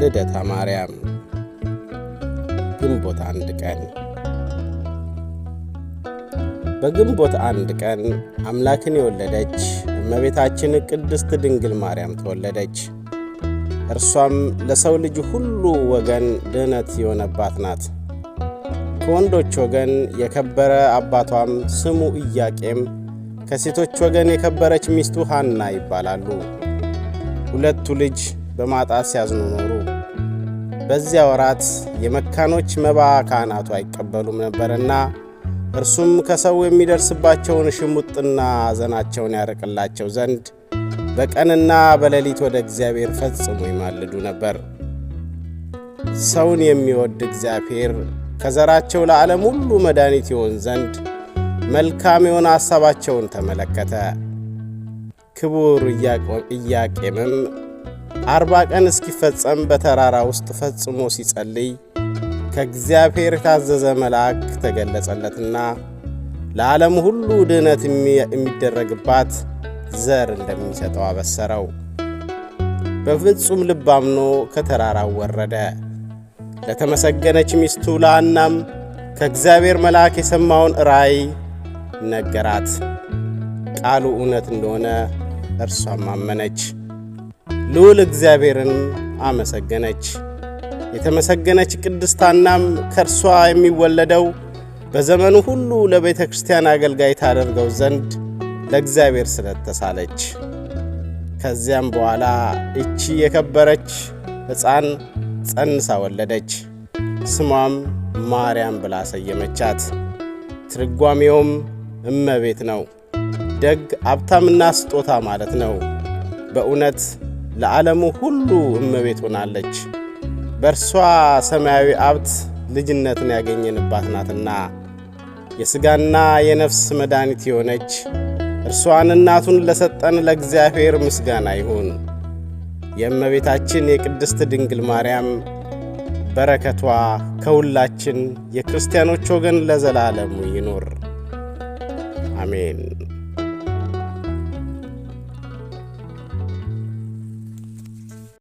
ልደታ ማርያም ግንቦት አንድ ቀን በግንቦት አንድ ቀን አምላክን የወለደች እመቤታችን ቅድስት ድንግል ማርያም ተወለደች። እርሷም ለሰው ልጅ ሁሉ ወገን ድህነት የሆነባት ናት። ከወንዶች ወገን የከበረ አባቷም ስሙ ኢያቄም፣ ከሴቶች ወገን የከበረች ሚስቱ ሐና ይባላሉ። ሁለቱ ልጅ በማጣት ሲያዝኑ ኖሩ። በዚያ ወራት የመካኖች መባ ካህናቱ አይቀበሉም ነበርና እርሱም ከሰው የሚደርስባቸውን ሽሙጥና ሐዘናቸውን ያርቅላቸው ዘንድ በቀንና በሌሊት ወደ እግዚአብሔር ፈጽሞ ይማልዱ ነበር። ሰውን የሚወድ እግዚአብሔር ከዘራቸው ለዓለም ሁሉ መድኃኒት ይሆን ዘንድ መልካም የሆነ ሐሳባቸውን ተመለከተ። ክቡር ኢያቄምም አርባ ቀን እስኪፈጸም በተራራ ውስጥ ፈጽሞ ሲጸልይ ከእግዚአብሔር የታዘዘ መልአክ ተገለጸለትና ለዓለም ሁሉ ድኅነት የሚደረግባት ዘር እንደሚሰጠው አበሰረው። በፍጹም ልብ አምኖ ከተራራው ወረደ። ለተመሰገነች ሚስቱ ለአናም ከእግዚአብሔር መልአክ የሰማውን ራእይ ነገራት። ቃሉ እውነት እንደሆነ እርሷም አመነች። ልዑል እግዚአብሔርን አመሰገነች። የተመሰገነች ቅድስት ሐናም ከእርሷ የሚወለደው በዘመኑ ሁሉ ለቤተ ክርስቲያን አገልጋይ ታደርገው ዘንድ ለእግዚአብሔር ስለተሳለች። ከዚያም በኋላ እቺ የከበረች ሕፃን ጸንሳ ወለደች። ስሟም ማርያም ብላ ሰየመቻት። ትርጓሜውም እመቤት ነው። ደግ አብታምና ስጦታ ማለት ነው። በእውነት ለዓለሙ ሁሉ እመቤት ሆናለች። በእርሷ ሰማያዊ ሀብት ልጅነትን ያገኘንባት ናትና የሥጋና የነፍስ መድኃኒት የሆነች እርሷን እናቱን ለሰጠን ለእግዚአብሔር ምስጋና ይሁን። የእመቤታችን የቅድስት ድንግል ማርያም በረከቷ ከሁላችን የክርስቲያኖች ወገን ለዘላለሙ ይኑር አሜን።